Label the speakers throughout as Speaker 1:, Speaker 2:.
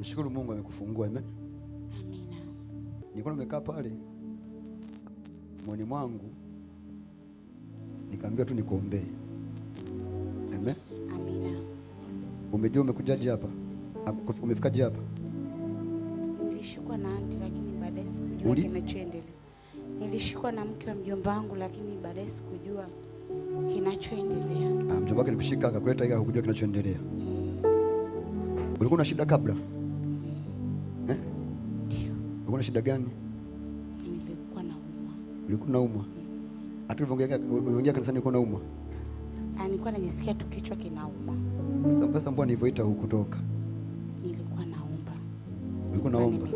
Speaker 1: Mshukuru Mungu amekufungua. Amen. Amina. Nilikuwa nimekaa pale mwoni mwangu nikaambiwa tu nikuombee. Amen. Amina. Umejua umekujaje hapa? Umefikaje hapa?
Speaker 2: Nilishikwa na anti lakini baadaye sikujua kinachoendelea. Nilishikwa na mke wa mjomba wangu lakini baadaye sikujua kinachoendelea.
Speaker 1: Ah, mjomba wake alikushika akakuleta, ila hukujua kinachoendelea. Mm. Ulikuwa na shida kabla? Ulikuwa na shida gani?
Speaker 2: Nilikuwa naumwa.
Speaker 1: Ulikuwa naumwa? Mm. Hata ulivyoingia kanisani ulikuwa naumwa?
Speaker 2: Ah, nilikuwa najisikia tu kichwa kinauma.
Speaker 1: Sasa pesa mbona nilivyoita hukutoka?
Speaker 2: Nilikuwa naomba.
Speaker 1: Ulikuwa naomba?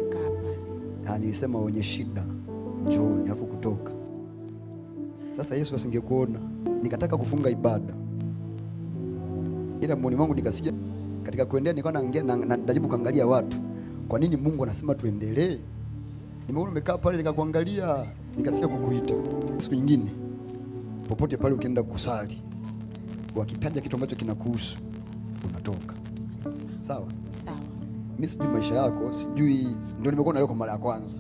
Speaker 1: Ah, nilisema wenye shida njooni afu kutoka. Sasa Yesu asingekuona. Nikataka kufunga ibada. Ila moyoni mwangu nikasikia katika kuendelea nilikuwa naingia na najibu kuangalia watu. Kwa nini Mungu anasema tuendelee? nimeona umekaa pale, nikakuangalia, nikasikia kukuita. Siku nyingine popote pale ukienda kusali, wakitaja kitu ambacho kinakuhusu unatoka. Sawa sawa. Mimi sijui maisha yako, sijui, ndio nimekuona leo kwa mara ya kwanza.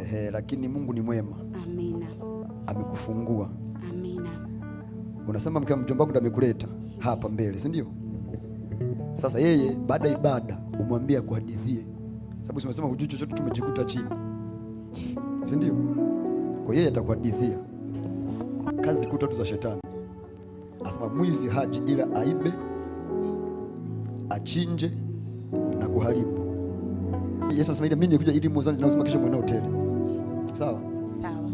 Speaker 1: Ehe, lakini Mungu ni mwema. Amina. Amekufungua. Amina. Unasema mke wa mjomba wangu ndo amekuleta hapa mbele, si ndio? Sasa yeye baada ya ibada umwambie akuhadithie sababu simesema hujui chochote, tumejikuta chini, si ndio? Kwa yeye atakuhadithia kazi kuu tatu za shetani. Asema mwivi haji ila aibe, achinje na kuharibu. Yesu anasema mimi nikuja ili mwanzo na kisha mwanao tele. Sawa sawa,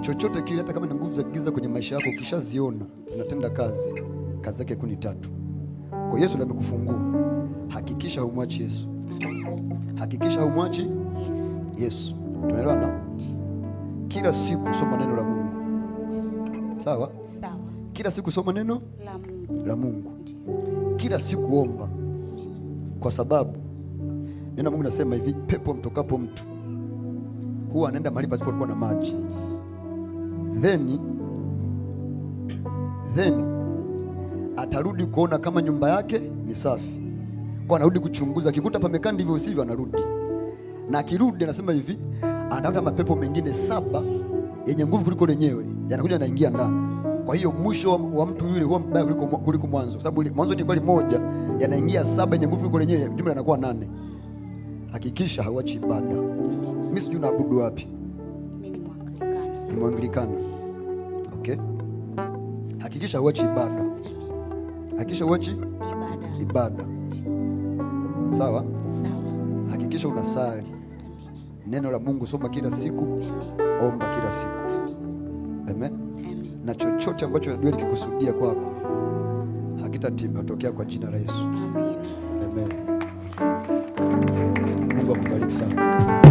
Speaker 1: chochote kile, hata kama ni nguvu za giza kwenye maisha yako, ukishaziona zinatenda kazi, kazi yake kuni tatu. Kwa Yesu ndio amekufungua. Hakikisha humwachi Yesu. Hakikisha humwachi Yesu. Yesu, tunaelewana? Kila siku soma neno la Mungu, sawa? Sawa. Kila siku soma neno
Speaker 2: la Mungu,
Speaker 1: la Mungu. Kila siku omba, kwa sababu neno la Mungu nasema hivi, pepo mtokapo mtu huwa anaenda mahali pasipokuwa na maji, then then atarudi kuona kama nyumba yake ni safi kwa anarudi kuchunguza, akikuta pamekaa ndivyo usivyo, anarudi na akirudi, anasema hivi, anatafuta mapepo mengine saba yenye nguvu kuliko lenyewe, yanakuja yanaingia ndani. Kwa hiyo mwisho wa mtu yule huwa mbaya kuliko, kuliko mwanzo, sababu mwanzo ni kweli moja, yanaingia saba yenye nguvu kuliko lenyewe, jumla yanakuwa nane. Hakikisha hauachi ibada. Mimi sijui naabudu wapi, ni Mwanglikana. Okay, hakikisha hauachi ibada, hakikisha hauachi
Speaker 2: ibada,
Speaker 1: ibada. Sawa? Hakikisha unasali neno la Mungu, soma kila siku, omba kila siku. Amen. Na chochote ambacho najua likikusudia kwako hakitatimbatokea kwa jina la Yesu. Amen. Mungu akubariki sana.